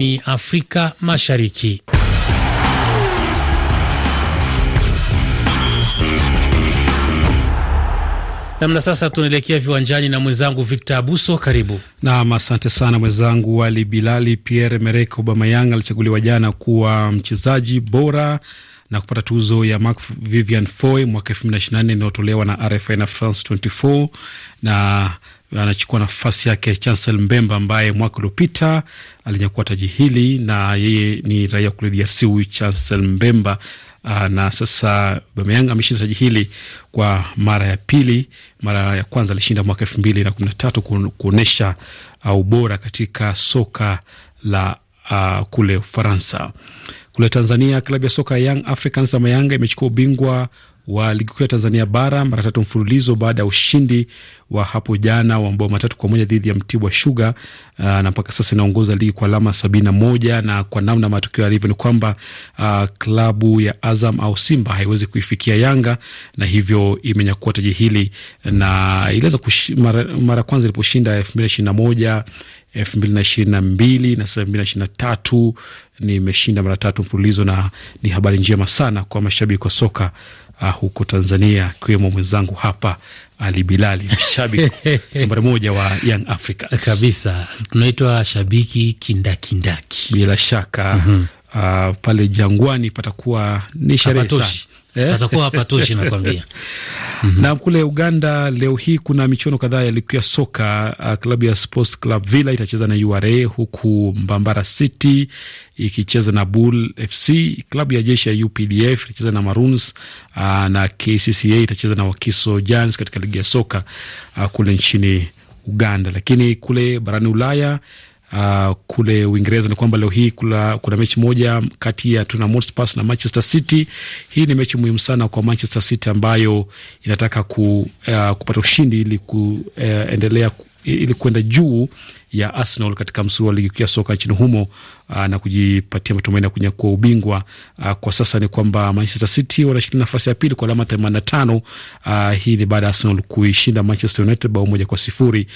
ni Afrika Mashariki. Namna sasa, tunaelekea viwanjani na mwenzangu Victor Abuso, karibu nam. Asante sana mwenzangu Ali Bilali. Pierre obama Aubameyang alichaguliwa jana kuwa mchezaji bora na kupata tuzo ya Marc Vivian Foy mwaka elfu mbili na ishirini na nne inayotolewa na RFI na France 24 na anachukua nafasi yake Chancel Mbemba ambaye mwaka uliopita alinyakua taji hili, na yeye ni raia kule DRC huyu Chancel Mbemba. na sasa Bameyang ameshinda taji hili kwa mara ya pili. Mara ya kwanza alishinda mwaka elfu mbili na kumi na tatu kuonyesha ubora katika soka la uh, kule Ufaransa. Kule Tanzania, klabu ya soka Young Africans ama Yanga imechukua ubingwa wa ligi kuu ya Tanzania bara mara tatu mfululizo baada ya ushindi wa hapo jana wa mabao matatu kwa moja dhidi ya Mtibwa Sugar, uh, na mpaka sasa inaongoza ligi kwa alama sabini na moja na kwa namna matokeo yalivyo ni kwamba uh, klabu ya Azam au Simba haiwezi kuifikia Yanga na hivyo imenyakua taji hili, na iliweza mara, mara kwanza iliposhinda elfu mbili ishirini na moja elfu mbili na ishirini na mbili na sasa elfu mbili na ishirini na tatu nimeshinda mara tatu mfululizo, na ni habari njema sana kwa mashabiki wa soka uh, huko Tanzania, akiwemo mwenzangu hapa Ali Bilali, mshabiki nambari moja wa Young Africans kabisa, tunaitwa shabiki kindakindaki bila shaka. mm -hmm. Uh, pale Jangwani patakuwa ni sherehe sana Eh? hapa hapatoshi nakwambia. mm -hmm. Na kule Uganda leo hii kuna michuano kadhaa ya ligi ya soka. Uh, klabu ya Sports Club Villa itacheza na URA huku Mbambara City ikicheza na Bull FC. Klabu ya jeshi ya UPDF itacheza na Maroons uh, na KCCA itacheza na Wakiso Giants katika ligi ya soka uh, kule nchini Uganda. Lakini kule barani Ulaya uh, kule Uingereza ni kwamba leo hii kula, kuna mechi moja kati ya Tottenham Hotspur na Manchester City. Hii ni mechi muhimu sana kwa Manchester City ambayo inataka ku, uh, kupata ushindi ili kuendelea eh, uh, ili kwenda juu ya Arsenal katika msuru wa ligi kuu ya soka nchini humo ah, na kujipatia matumaini ya kunyakua ubingwa. Ah, kwa sasa ni kwamba Manchester City wanashikilia nafasi ya pili kwa alama 85. Ah, hii ni baada ya Arsenal kuishinda Manchester United bao moja kwa sifuri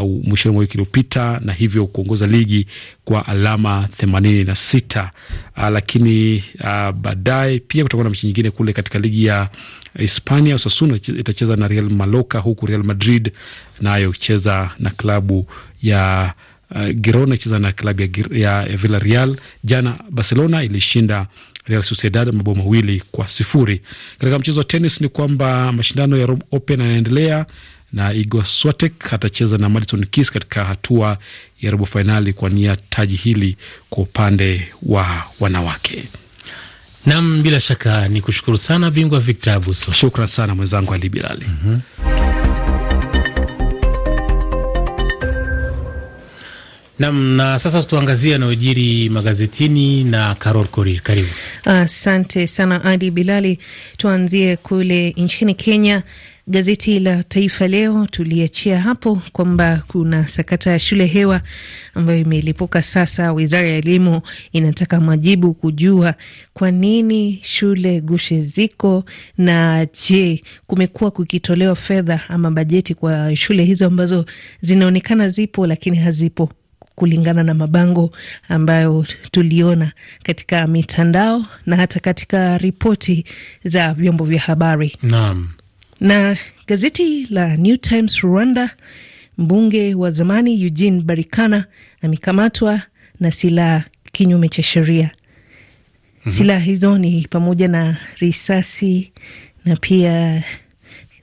mwishoni mwa wiki iliyopita na hivyo kuongoza ligi kwa alama 86. Aa, lakini baadaye pia kutakuwa na mechi nyingine kule katika ligi ya Hispania, Osasuna itacheza na Real Maloka, huku Real Madrid nayo ikicheza na klabu ya uh, Girona ikicheza na klabu ya, ya Villarreal. Jana Barcelona ilishinda Real Sociedad mabao mawili kwa sifuri. Katika mchezo wa tenis ni kwamba mashindano ya Rome Open yanaendelea na Igor Swiatek atacheza na Madison Keys katika hatua ya robo fainali kwa nia taji hili kwa upande wa wanawake. Nam, bila shaka ni kushukuru sana bingwa Victor Abuso. Shukran sana mwenzangu Ali Bilali. mm -hmm. Nam, na sasa tuangazie anayojiri magazetini na Carol kori karibu. Asante uh, sana Adi Bilali. Tuanzie kule nchini Kenya. Gazeti la Taifa Leo tuliachia hapo kwamba kuna sakata ya shule hewa ambayo imelipuka sasa. Wizara ya Elimu inataka majibu kujua kwa nini shule gushi ziko, na je, kumekuwa kukitolewa fedha ama bajeti kwa shule hizo ambazo zinaonekana zipo lakini hazipo kulingana na mabango ambayo tuliona katika mitandao na hata katika ripoti za vyombo vya habari. Naam. Na gazeti la New Times Rwanda, mbunge wa zamani Eugene Barikana amekamatwa na silaha kinyume cha sheria. Mhm. Silaha hizo ni pamoja na risasi na pia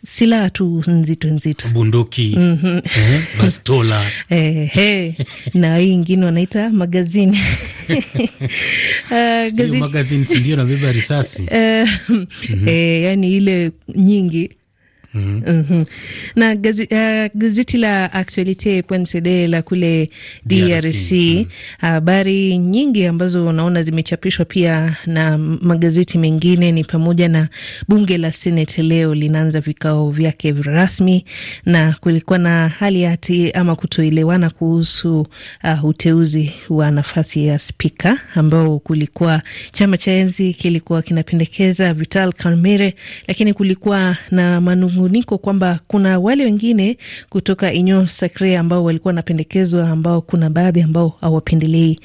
silaha tu nzito nzito, bunduki mm -hmm. eh, bastola eh, hey, eh, na hii ingine wanaita magazini ah, uh, magazini sindio, nabeba risasi uh, mm -hmm. eh, yani ile nyingi Mm -hmm. Mm -hmm. Na gazi, uh, gazeti la Actualite.cd la kule DRC mm-hmm. habari mm -hmm. uh, nyingi ambazo unaona zimechapishwa pia na magazeti mengine ni pamoja na bunge la Senate leo linaanza vikao vyake rasmi, na kulikuwa na hali hati ama kutoelewana kuhusu uh, uteuzi wa nafasi ya spika, ambao kulikuwa chama cha enzi kilikuwa kinapendekeza Vital Kamerhe, lakini kulikuwa na manungu manunguniko kwamba kuna wale wengine kutoka Inyo Sakre ambao walikuwa wanapendekezwa, ambao kuna baadhi ambao hawapendelei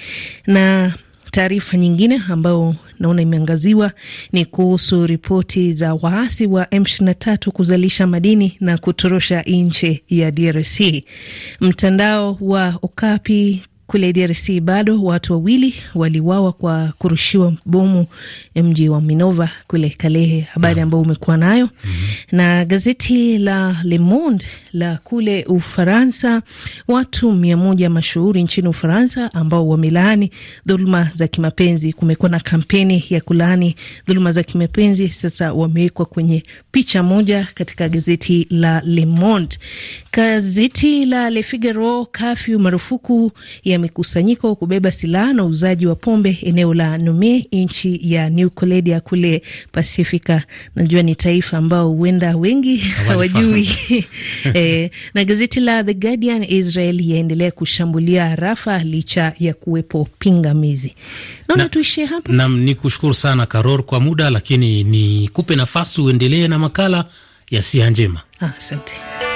na taarifa nyingine ambayo naona imeangaziwa ni kuhusu ripoti za waasi wa M23 kuzalisha madini na kutorosha nche ya DRC. Mtandao wa Okapi kule DRC bado watu wawili waliwawa kwa kurushiwa bomu mji wa Minova kule Kalehe, habari ambayo umekuwa nayo. mm -hmm. Na gazeti la Le Monde la kule Ufaransa, watu mia moja mashuhuri nchini Ufaransa ambao wamelaani dhuluma za kimapenzi. Kumekuwa na kampeni ya kulaani dhuluma za kimapenzi, sasa wamewekwa kwenye picha moja katika gazeti la Le Monde. Gazeti la Le Figaro, kafyu marufuku ya mikusanyiko, kubeba silaha na uuzaji wa pombe eneo la Nome, nchi ya New Caledonia kule Pasifika. Najua ni taifa ambao huenda wengi hawajui Eh, na gazeti la The Guardian, Israel yaendelea kushambulia Rafa licha ya kuwepo pingamizi. Naona tuishie hapa. Nam ni kushukuru sana Karor kwa muda, lakini ni kupe nafasi uendelee na makala ya sia njema. Asante ah,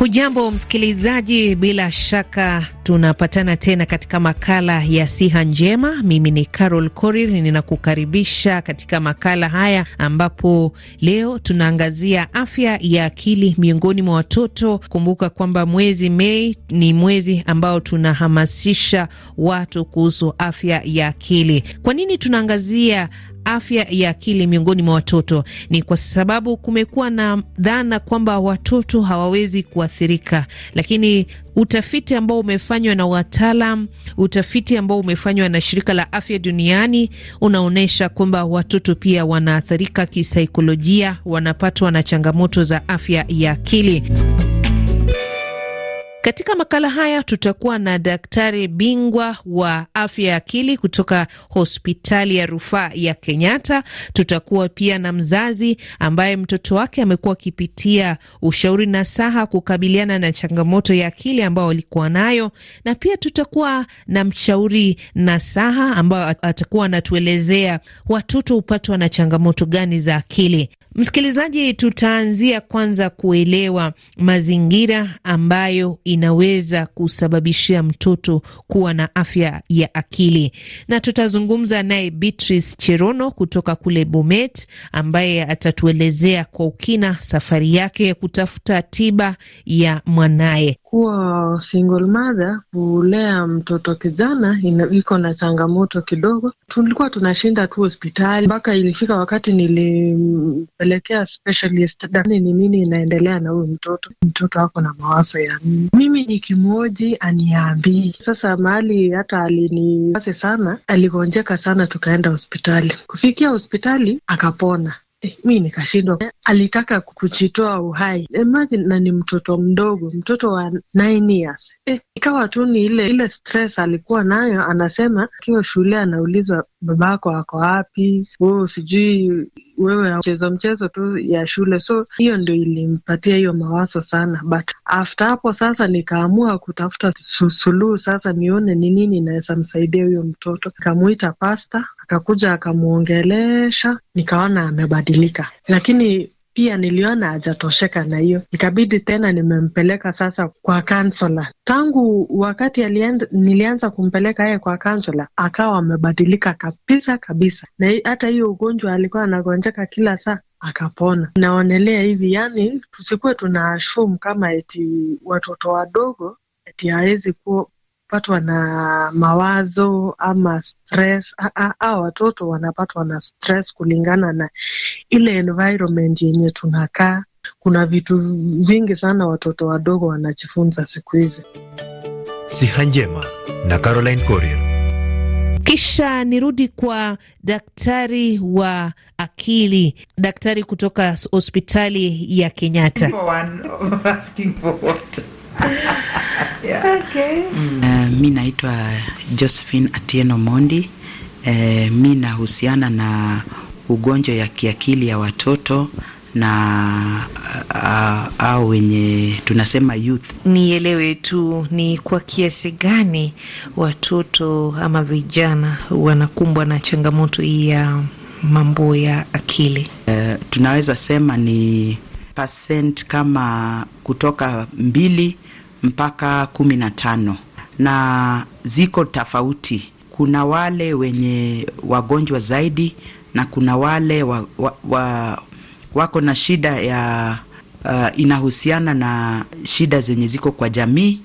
Hujambo msikilizaji, bila shaka tunapatana tena katika makala ya siha njema. Mimi ni Carol Korir, ninakukaribisha katika makala haya ambapo leo tunaangazia afya ya akili miongoni mwa watoto. Kumbuka kwamba mwezi Mei ni mwezi ambao tunahamasisha watu kuhusu afya ya akili. Kwa nini tunaangazia afya ya akili miongoni mwa watoto ni kwa sababu kumekuwa na dhana kwamba watoto hawawezi kuathirika, lakini utafiti ambao umefanywa na wataalam, utafiti ambao umefanywa na shirika la afya duniani unaonyesha kwamba watoto pia wanaathirika kisaikolojia, wanapatwa na changamoto za afya ya akili. Katika makala haya tutakuwa na daktari bingwa wa afya ya akili kutoka hospitali ya rufaa ya Kenyatta. Tutakuwa pia na mzazi ambaye mtoto wake amekuwa akipitia ushauri na saha kukabiliana na changamoto ya akili ambayo alikuwa nayo, na pia tutakuwa na mshauri na saha ambayo atakuwa anatuelezea watoto hupatwa na changamoto gani za akili. Msikilizaji, tutaanzia kwanza kuelewa mazingira ambayo inaweza kusababishia mtoto kuwa na afya ya akili, na tutazungumza naye Beatrice Cherono kutoka kule Bomet, ambaye atatuelezea kwa ukina safari yake ya kutafuta tiba ya mwanaye kuwa single mother kulea mtoto kijana iko na changamoto kidogo. Tulikuwa tunashinda tu hospitali mpaka ilifika wakati nilimpelekea specialist ni nini inaendelea na huyu mtoto. Mtoto ako na mawazo ya nini? Mimi ni kimoji aniambii. Sasa mahali hata aliniwaze sana, aligonjeka sana, tukaenda hospitali. Kufikia hospitali akapona, Eh, mi nikashindwa. Alitaka kujitoa uhai imagine, na ni mtoto mdogo, mtoto wa nine years. Eh, ikawa tu ni ile ile stress alikuwa nayo. Anasema akiwa shule anaulizwa babako ako wapi, oh, sijui wewe mchezo mchezo tu ya shule, so hiyo ndio ilimpatia hiyo mawazo sana. But after hapo sasa nikaamua kutafuta suluhu sasa, nione ni nini inaweza msaidia huyo mtoto. Nikamwita pasta, akakuja akamwongelesha, nikaona amebadilika, lakini pia niliona hajatosheka na hiyo, ikabidi tena nimempeleka sasa kwa kansola. Tangu wakati alienda, nilianza kumpeleka yeye kwa kansola, akawa amebadilika kabisa kabisa, na hata hiyo ugonjwa alikuwa anagonjeka kila saa akapona. Naonelea hivi, yani tusikuwe ashum kama eti watoto wadogo eti hawezi kupatwa na mawazo ama stress. Hawa watoto wanapatwa na stress kulingana na ile environment yenye tunakaa. Kuna vitu vingi sana watoto wadogo wanajifunza siku hizi. Siha Njema na Caroline Corrier. Kisha nirudi kwa daktari wa akili, daktari kutoka hospitali ya Kenyatta yeah. Okay. Mm. Uh, mi naitwa Josephine Atieno Mondi. Uh, mi nahusiana na ugonjwa ya kiakili ya watoto na uh, au wenye tunasema youth. Nielewe tu ni kwa kiasi gani watoto ama vijana wanakumbwa na changamoto hii ya mambo ya akili? Uh, tunaweza sema ni percent kama kutoka mbili mpaka kumi na tano na ziko tofauti. Kuna wale wenye wagonjwa zaidi na kuna wale wa, wa, wa, wako na shida ya uh, inahusiana na shida zenye ziko kwa jamii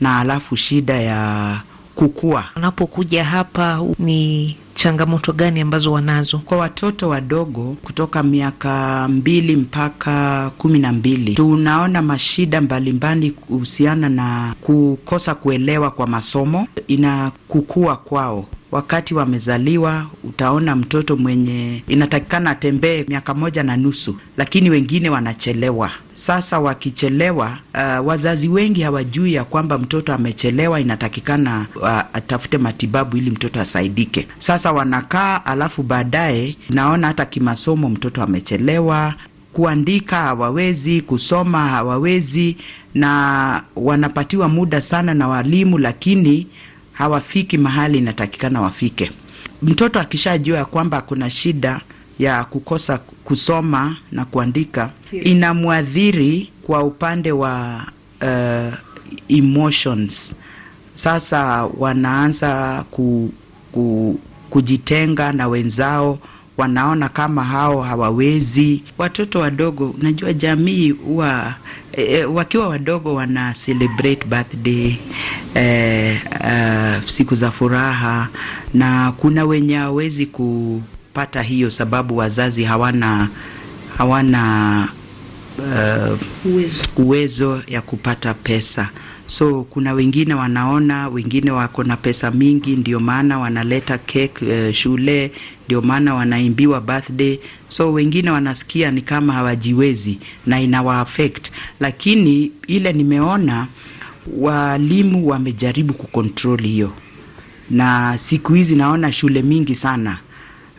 na alafu shida ya kukua. Unapokuja hapa ni changamoto gani ambazo wanazo kwa watoto wadogo kutoka miaka mbili mpaka kumi na mbili? Tunaona mashida mbalimbali kuhusiana na kukosa kuelewa kwa masomo ina kukua kwao wakati wamezaliwa, utaona mtoto mwenye inatakikana atembee miaka moja na nusu, lakini wengine wanachelewa. Sasa wakichelewa, uh, wazazi wengi hawajui ya kwamba mtoto amechelewa, inatakikana uh, atafute matibabu ili mtoto asaidike. Sasa wanakaa, alafu baadaye naona hata kimasomo mtoto amechelewa kuandika hawawezi, kusoma hawawezi, na wanapatiwa muda sana na walimu, lakini hawafiki mahali inatakikana wafike. Mtoto akishajua ya kwamba kuna shida ya kukosa kusoma na kuandika, inamwadhiri kwa upande wa uh, emotions. Sasa wanaanza ku, ku, kujitenga na wenzao, wanaona kama hao hawawezi. Watoto wadogo, unajua jamii huwa e, wakiwa wadogo wana celebrate birthday eh, eh, siku za furaha, na kuna wenye hawezi kupata hiyo sababu wazazi hawana hawana uh, uwezo. uwezo ya kupata pesa So kuna wengine wanaona, wengine wako na pesa mingi, ndio maana wanaleta cake uh, shule, ndio maana wanaimbiwa birthday. So wengine wanasikia ni kama hawajiwezi na inawa affect, lakini ile nimeona walimu wamejaribu kukontrol hiyo, na siku hizi naona shule mingi sana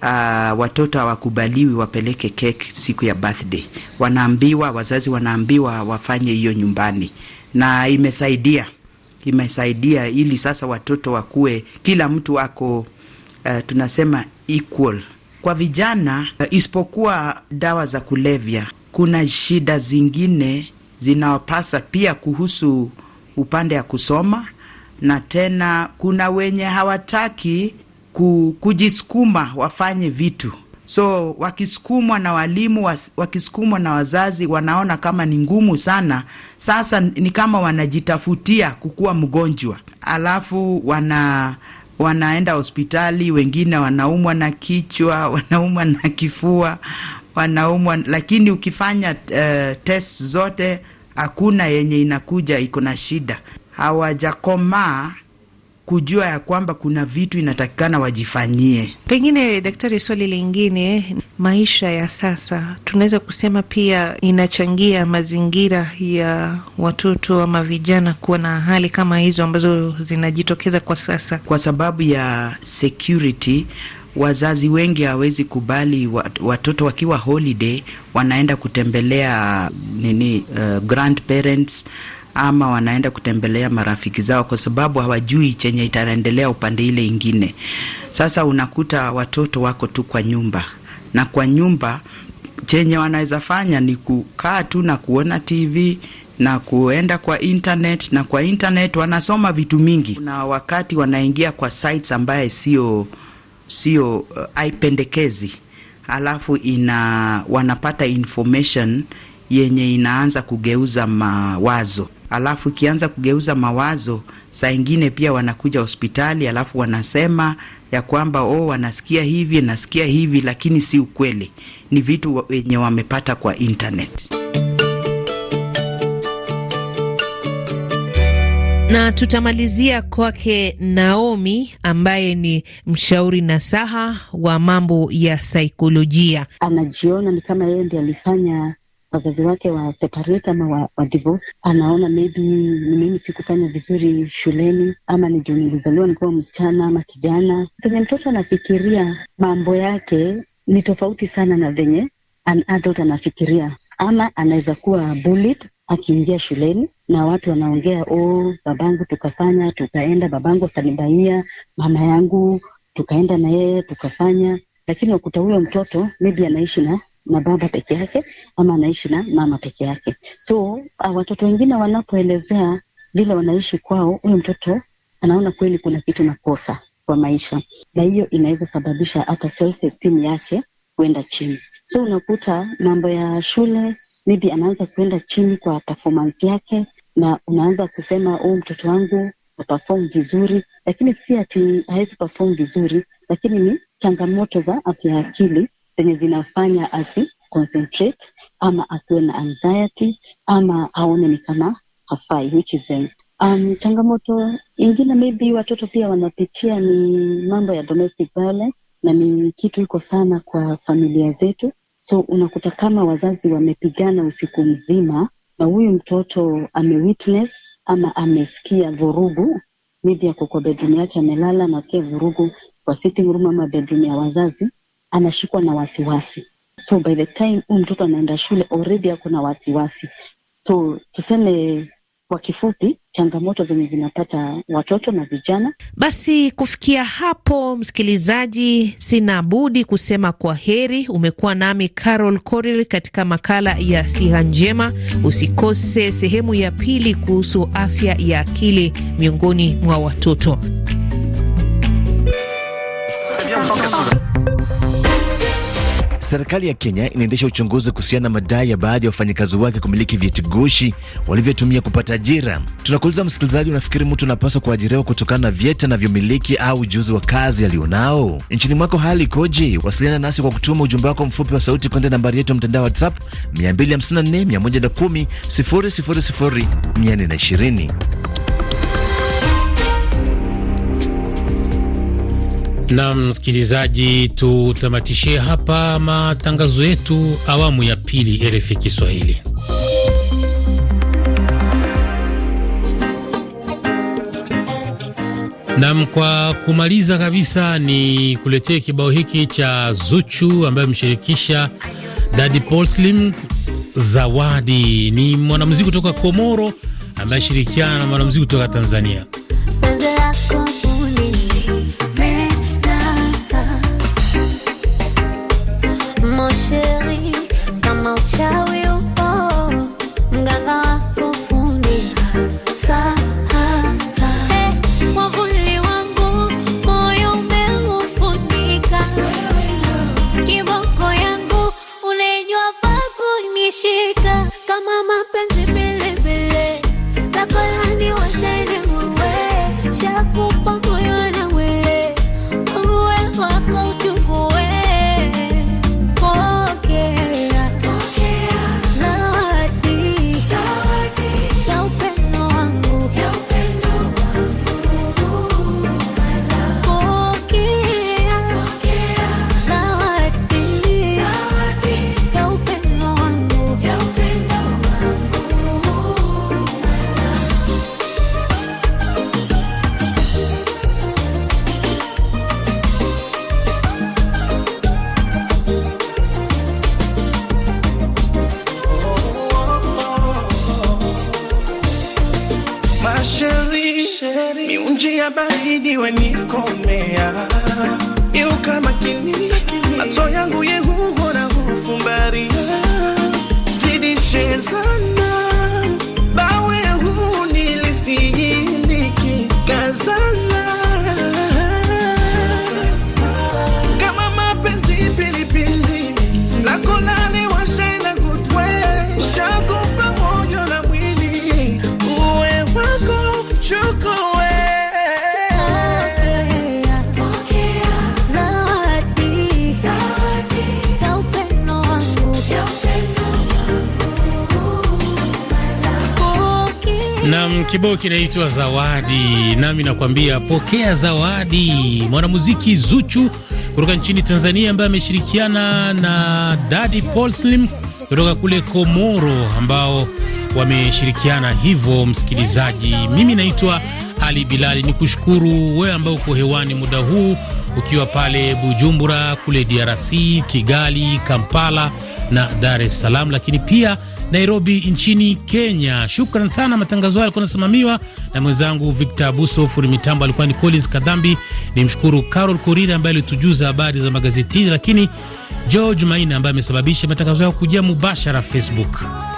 Uh, watoto hawakubaliwi wapeleke keki siku ya birthday, wanaambiwa, wazazi wanaambiwa wafanye hiyo nyumbani na imesaidia imesaidia ili sasa watoto wakuwe, kila mtu ako uh, tunasema equal kwa vijana uh, isipokuwa dawa za kulevya. Kuna shida zingine zinawapasa pia kuhusu upande ya kusoma, na tena kuna wenye hawataki kujisukuma wafanye vitu So wakisukumwa na walimu, wakisukumwa na wazazi, wanaona kama ni ngumu sana. Sasa ni kama wanajitafutia kukuwa mgonjwa, alafu wana wanaenda hospitali, wengine wanaumwa na kichwa, wanaumwa na kifua, wanaumwa lakini ukifanya uh, test zote hakuna yenye inakuja iko na shida, hawajakomaa kujua ya kwamba kuna vitu inatakikana wajifanyie. Pengine daktari, swali lingine, maisha ya sasa tunaweza kusema pia inachangia mazingira ya watoto ama vijana kuwa na hali kama hizo ambazo zinajitokeza kwa sasa, kwa sababu ya security Wazazi wengi hawawezi kubali watoto wakiwa holiday wanaenda kutembelea nini, uh, grandparents ama wanaenda kutembelea marafiki zao, kwa sababu hawajui chenye itaendelea upande ile ingine. Sasa unakuta watoto wako tu kwa nyumba, na kwa nyumba chenye wanaweza fanya ni kukaa tu na kuona TV na kuenda kwa internet, na kwa internet wanasoma vitu mingi, na wakati wanaingia kwa sites ambaye sio sio uh, eh, aipendekezi, alafu ina wanapata information yenye inaanza kugeuza mawazo alafu ikianza kugeuza mawazo, saa ingine pia wanakuja hospitali alafu wanasema ya kwamba oh, wanasikia hivi nasikia hivi, lakini si ukweli, ni vitu wenye wamepata kwa internet. na tutamalizia kwake Naomi ambaye ni mshauri na saha wa mambo ya saikolojia. Anajiona ni kama yeye ndiye alifanya wazazi wake wa separate ama wa, wa divorce. Anaona maybe ni mimi sikufanya vizuri shuleni, ama ni juu nilizaliwa nikiwa msichana ama kijana. Venye mtoto anafikiria mambo yake ni tofauti sana na venye an adult anafikiria, ama anaweza kuwa bullied akiingia shuleni na watu wanaongea oh, babangu tukafanya, tukaenda, babangu akanibaia, mama yangu tukaenda na yeye tukafanya lakini ukuta huyo mtoto maybe anaishi na na baba peke yake ama anaishi na mama peke yake. So ah, watoto wengine wanapoelezea vile wanaishi kwao, huyo mtoto anaona kweli kuna kitu nakosa kwa maisha, na hiyo inaweza sababisha hata self esteem yake kuenda chini. So unakuta mambo ya shule maybe anaanza kuenda chini kwa performance yake, na unaanza kusema huu oh, mtoto wangu perform vizuri, lakini si ati hawezi perform vizuri, lakini ni changamoto za afya ya akili zenye zinafanya asi concentrate ama akiwe na anxiety ama aone ni kama hafai which is um, um, changamoto ingine maybe watoto pia wanapitia ni mambo ya domestic violence na ni kitu iko sana kwa familia zetu so unakuta kama wazazi wamepigana usiku mzima na huyu mtoto amewitness ama amesikia vurugu mibi ako kwa bedrumu yake amelala anasikia vurugu kwa sitting room ama bedroom ya wazazi, anashikwa na wasiwasi. So by the time huyu mtoto anaenda shule already ako na wasiwasi. So tuseme kwa kifupi, changamoto zenye zinapata watoto na vijana. Basi kufikia hapo, msikilizaji, sina budi kusema kwa heri. Umekuwa nami Carol Korir katika makala ya Siha Njema. Usikose sehemu ya pili kuhusu afya ya akili miongoni mwa watoto. Serikali ya Kenya inaendesha uchunguzi kuhusiana na madai ya baadhi ya wafanyakazi wake kumiliki vyeti gushi walivyotumia kupata ajira. Tunakuuliza msikilizaji, unafikiri mtu anapaswa kuajiriwa kutokana na vyeti anavyomiliki au ujuzi wa kazi alionao? Nchini mwako hali ikoje? Wasiliana nasi kwa kutuma ujumbe wako mfupi wa sauti kwenda nambari yetu ya mtandao WhatsApp 254 110 000 420. Nam msikilizaji, tutamatishie hapa matangazo yetu awamu ya pili RFI Kiswahili. Nam, kwa kumaliza kabisa, ni kuletea kibao hiki cha Zuchu ambaye ameshirikisha Daddy Paul Slim. Zawadi ni mwanamuziki kutoka Komoro ambaye ashirikiana na mwanamuziki kutoka Tanzania. Kibao kinaitwa Zawadi, nami nakwambia pokea zawadi. Mwanamuziki Zuchu kutoka nchini Tanzania ambaye ameshirikiana na Daddy Paul Slim kutoka kule Komoro ambao wameshirikiana hivyo. Msikilizaji, mimi naitwa Ali Bilali, ni kushukuru wewe ambao uko hewani muda huu ukiwa pale Bujumbura, kule DRC, Kigali, Kampala na Dar es Salaam, lakini pia Nairobi nchini Kenya. Shukran sana. Matangazo hayo alikuwa anasimamiwa na mwenzangu Victor Abuso, fundi mitambo alikuwa ni Collins Kadhambi. Ni mshukuru Carol Korira ambaye alitujuza habari za magazetini, lakini George Maina ambaye amesababisha matangazo yao kujia mubashara Facebook.